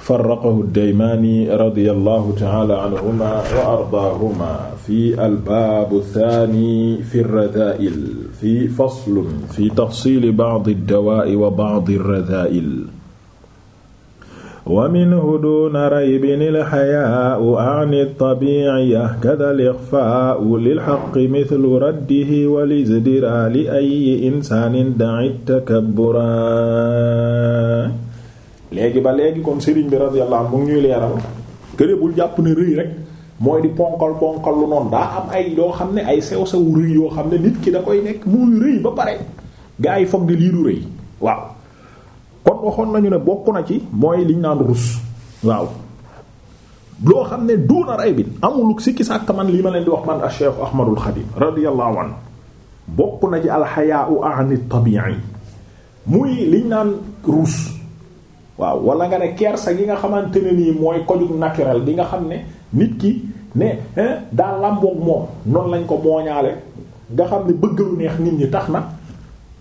farraqahu ad-Daymaani radiyallahu ta'ala anhuma wa ardaahuma fi al-baab ath-thaani fi ar-radhaa'il fi faslun fi tafsiili ba'd ad-dawaa'i wa ba'd ar-radhaa'il wa minhu duuna raybin al-hayaa'u ani at-tabii'iyya kadha al-ikhfaa'u lil-haqqi mithlu raddihi wa li-izdiraa li ayyi insaanin da'a at-takabbura léegi ba léegi kon sëriñ bi radiyallahu anhu mu ñuy leeral këre bul jàpp ne rëy rek mooy di ponkal ponkal lu noonu daa am ay yoo xam ne ay sew sew rëy yoo xam ne nit ki da koy nekk muy rëy ba pare gaa yi foog di lii du rëy waxoon nañu ne bokk na ci mooy liñ naan rus waaw loo xam ne duuna ray bi amul sikki sàkk man lii ma leen di wax man Cheikh Ahmadul Xadim radiyallahu anhu bokk na ci alxayaa u anit tabi'i muy liñ naan rus waaw wala nga ne kersa gi nga xamante ne nii mooy koju naturel bi nga xam ne nit ki ne daa làmboog moom noonu lañ ko mooñaale nga xam ne bëgg lu neex nit ñi tax na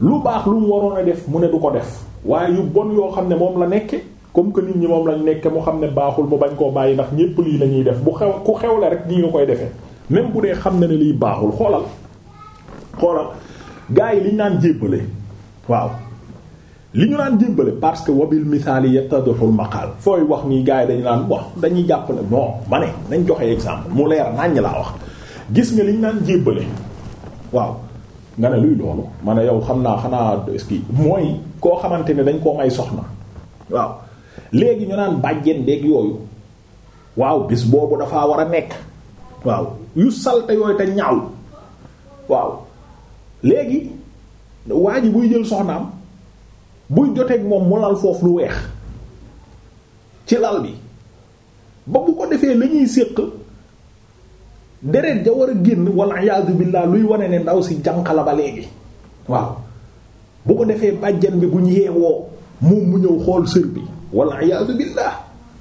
lu baax lu mu waroon a def mu ne du ko def waaye yu bon yoo xam ne moom la nekke comme que nit ñi moom lañ nekke mu xam ne baaxul mu bañ koo bàyyi ndax ñépp lii la ñuy def bu xew ku xew la rek nii nga koy defee même bu dee xam na ne liy baaxul xoolal xoolal gars yi liñ naan jébbale waaw li ñu naan jébbale parce que wabil misaali yattadhul maqaal fooy wax nii gars yi dañu naan wax dañuy jàpp ne non ma ne nañ joxe exemple mu leer naññ laa wax gis nga li ñu naan jébbale waaw nga ne luy loolu ma ne yow xam naa xanaa est-ce mooy koo xamante ne dañ koo may soxna waaw léegi ñu naan bàjjen waaw bis boobu dafaa war a nekk waaw yu salte yooyu te ñaaw waaw léegi waa ji buy jël soxnaam. buy joteek moom mu lal foofu lu weex ci lal bi ba bu ko defee la ñuy séq deret ja war a génn wala iyaadu billaah luy wone ne ndaw si jànq ba léegi waaw bu ko defee bàjjan bi bu ñu yeewoo moom mu ñëw xool sër bi wala iyaadu billaah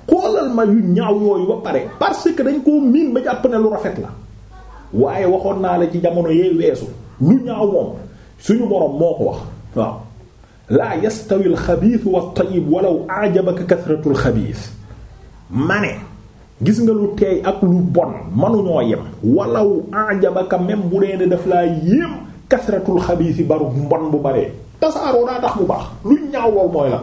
xoolal ma yu ñaaw yooyu ba pare parce que dañ koo miin ba jàpp ne lu rafet la waaye waxoon naa la ci jamono yee leesu lu ñaaw moom suñu borom moo ko wax waaw laa yastawi alxabiis wa tayyib walaw ajabaka kasratul xabiis ma ne nga lu teey ak lu bon manuñoo yem walaw ajabaka même bu dee ne daf laa yéem kasratul xabiis baru bu baree tasaaroo daa tax bu baax lu ñaaw lool la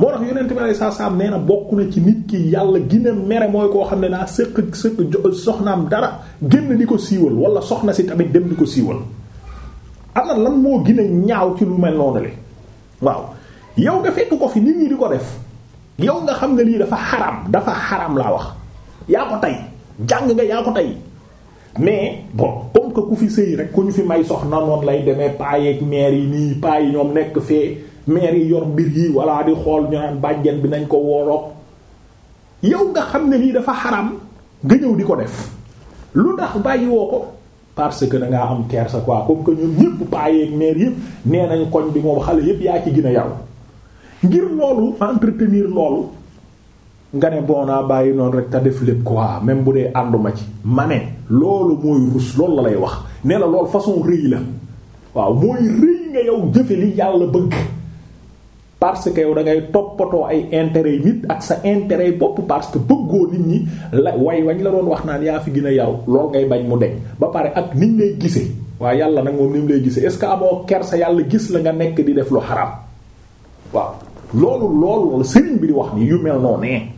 moo tax yonent bi na bokk ci nit ki yàlla gina mere mooy koo xam ne daa sëq sëq soxnaam dara génn di ko siiwal wala soxna si tamit dem di ko siiwal ana lan moo gën a ñaaw ci lu mel noonu le waaw yow nga fekk ko fi nit ñi di ko def yow nga xam ne lii dafa xaram dafa xaram laa wax yaa ko tey jàng nga yaa ko tey mais bon comme que ku fi sëy rek ku ñu fi may sox soxna noonu lay demee paayeeg maire yi nii paa yi ñoom nekk fee maire yi yor mbir yi walla di xool ñu naan bi nañ ko wooroog yow nga xam ne lii dafa xaram nga di ko def lu tax bàyyiwoo ko. parce que da ngaa am kersa quoi comme que ñun ñëpp paayeeg meer yëpp nee nañ koñ bi moom xale yëpp yaa ci gën a yaru ngir loolu entretenir loolu nga ne bon naa bàyyi noonu rek te def lépp quoi même bu dee ànduma ci ma ne loolu mooy rus loolu la lay wax nee na loolu façon rëy la waaw mooy rëy nga yow jëfe li yàlla bëgg. parce que yow da ngay toppatoo ay intérêts nit ak sa yi bopp parce que bëggoo nit ñi la way wañ la doon wax naan yaa fi gën a yaru lool ngay bañ mu deñ ba pare ak niñ lay gisee waa yàlla nag moom ni mu lay gisee est que amoo ker sa yàlla gis la nga nekk di def lu xaram waaw loolu loolu sëriñ bi di wax ni yu mel noonu nee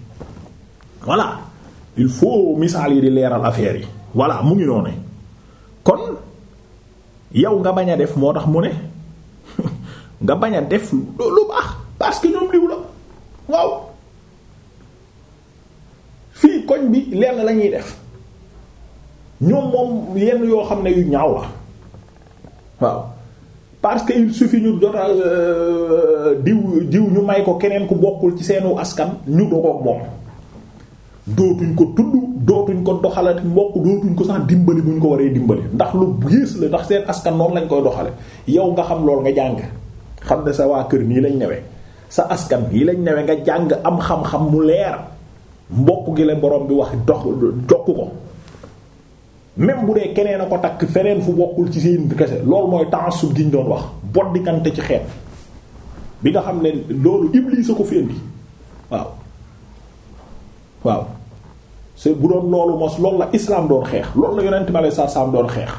il faut misaal yi di leeral affaire yi voilà mu ngi noonu kon yow nga bañ a def moo tax mu ne. nga bañ a def lu baax parce que ñoom liw la waaw fii koñ bi lenn la ñuy def ñoom moom yenn yoo xam ne yu ñaaw la waaw parce que il suffit ñu jotal euh, diw diw ñu may ko keneen ku bokkul ci seenu askan ñu dogoog moom dootuñ ko tudd dootuñ ko doxalati mbokk dootuñ ko sax dimbali bu ñu ko waree dimbali ndax lu gis la ndax seen askan noonu lañ koy doxale yow nga xam lool nga jàng xam ne sa waa kër nii lañ ñëwee sa askan nii lañ ñëwee nga jàng am xam-xam mu leer mbokk gi la borom bi wax dox jokk ko même bu dee keneen a ko takk feneen fu bokkul ci seen kese loolu mooy taassub gi ñu doon wax boddikante ci xeet bi nga xam ne loolu Iblis a ko fi indi waaw waaw c'est bu doon loolu mos loolu la islaam doon xeex lool la yonent ma lay sa sam doon xeex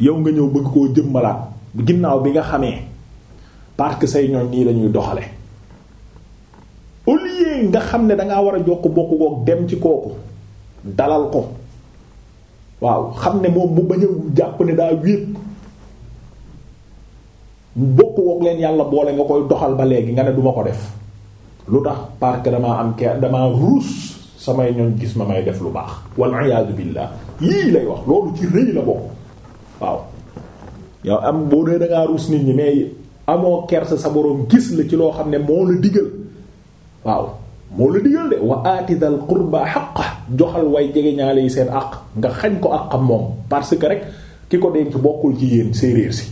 yow nga ñëw bëgg koo jëmmalaat ginnaaw bi nga xamee parce que say ñoñ nii lañuy doxale au nga xam ne dangaa war a jokk bokku kook dem ci kooku dalal ko waaw xam ne moom mu bañ a jàpp ne daa wéet bokk kook leen yàlla boole nga koy doxal ba léegi nga ne duma ko def lu tax parce que damaa am ke damaa ruus samay ñoñ gis ma may def lu baax wal iyaadu billaah yii lay wax loolu ci rëy la bokk waaw yow am boo dee dangaa ruus nit ñi mais amoo kersa sa boroom gis la ci loo xam ne moo la digal waaw moo la digal de wa aati qurba xaqa joxal way jege ñaale yi seen àq nga xañ ko àqam moom parce que rek ki ko denc bokkul ci yéen séeréer si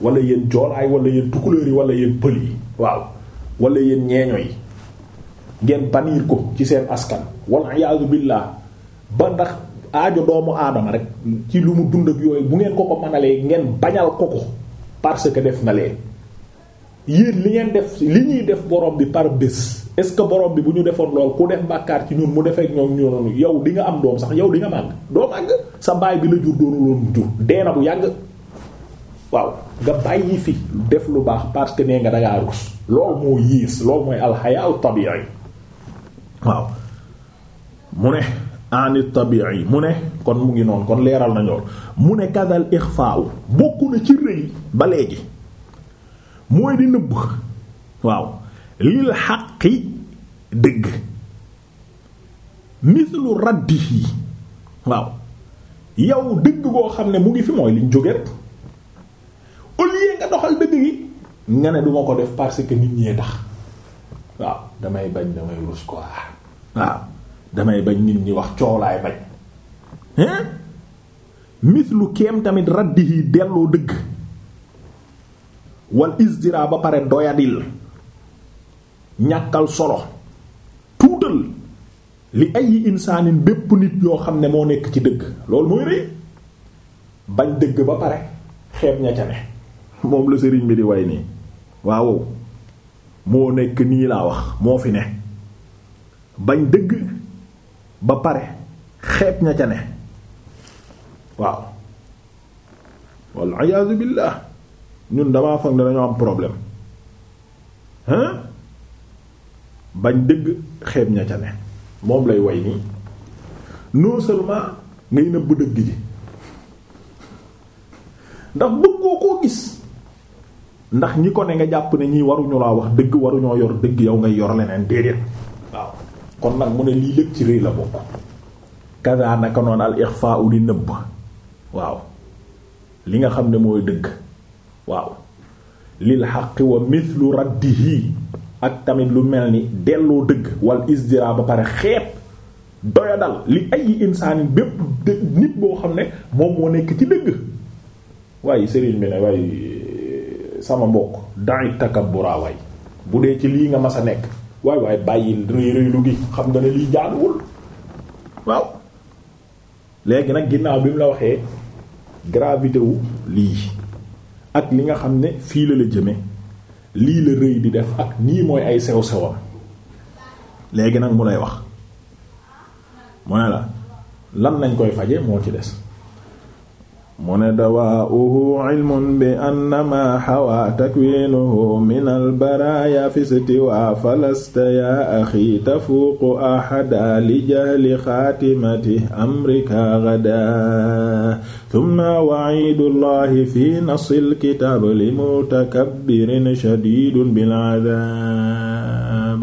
wala yéen joolaay wala yéen tukulóor yi wala yéen pël yi waaw wala yéen ñeeño yi ngeen baniir ko ci seen askan wal iyaadu billah ba ndax aajo doomu aadama rek ci lu mu dund yooyu bu ngeen ko ko manalee ngeen bañal ko ko parce que def na lee yéen li ngeen def li ñuy def borom bi par bés est-ce que borom bi bu ñu defoon lool ku def bàkkaar ci ñun mu defee ñoom ñoonu yow di nga am doom sax yow di nga màgg doo màgg sa baay bi la jur doonu loon jur dee na bu yàgg waaw nga bàyyi fi def lu baax parce que nee nga dangaa rus lool moo yiis lool mooy alxayaa tabii waaw mu ne ani tabi'i mu ne kon mu ngi noon kon leeral nañoo mu ne kadal ixfaa bokku na ci rëy ba léegi mooy di nëbb waaw lil xaqi dëgg mislu raddihi waaw yow dëgg goo xam ne mu ngi fi mooy liñ jóge rek au nga doxal dëgg gi nga ne duma ko def parce que nit ñee tax waaw damay bañ damay rus quoi waaw damay bañ nit ñi wax coolaay bañ hein mislu kéem tamit raddihi delloo dëgg wal isdira ba pare doyadil ñàkkal solo tuutal li ay insaanin bépp nit yoo xam ne moo nekk ci dëgg loolu mooy rëy bañ dëgg ba pare xeeb ña ca ne moom la sëriñ bi di way nii waaw moo nekk nii laa wax moo fi ne bañ dëgg ba pare xeeb ña ca ne waaw wal iyaazu billaah ñun damaa foog ne dañoo am problème hein bañ dëgg xeeb ña ca ne moom lay way nii non seulement ngay nëbb dëgg ji ndax bëggoo koo gis ndax ñi ko ne nga jàpp ne ñi waruñu laa wax dëgg waruñoo yor dëgg yow ngay yor leneen déedéet kon nag mu ne lii lépp ci rëy la bokk kaza naka noonu al ixfaa'u di nëbb waaw li nga xam ne mooy dëgg waaw lil xaqi wa mithlu raddihi ak tamit lu mel ni delloo dëgg wal isdira ba pare xeet doyadal li ay insaan bépp nit boo xam ne moom moo nekk ci dëgg waaye sëriñ bi ne waaye sama mbokk da'it takabbura waay bu dee ci lii nga mas a nekk waay waay bàyyil rëy rëylu gi xam nga ne lii jaaduwul waaw léegi nag ginnaaw bi mu la waxee gravité wu lii ak li nga xam ne fii la la jëme lii la rëy di def ak nii mooy ay sew sewam léegi nag mu lay wax mu ne la lan lañ koy faje moo ci des mu ne dawaa'uhu ilmun bi annama xawaa takwiinuhu min albaraaya fi stiwaa falasta yaa axi tafuuqu axada li jahli xaatimati amrika gadaa tumma waciidullahi fi nasil kitaab li mutakabbirin shadiidun bil adaab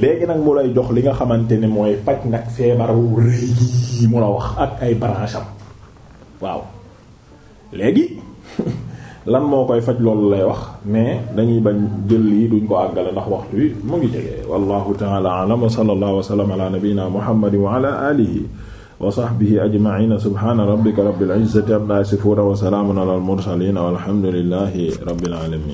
léegi nag mu lay jox li nga xamante ne mooy faj nag feebar wu rëy mu la wax ak ay branche am waaw léegi lan moo koy faj loolu lay wax mais dañuy bañ jël yi duñ ko àggale ndax waxtu wi mu ngi jege wallahu ta'ala a'lam wa sallallahu wa sallam ala nabiyyina muhammadin wa ala alihi wa sahbihi ajma'in subhana rabbika rabbil izzati amma yasifun wa salamun ala walhamdulillahi rabbil alamin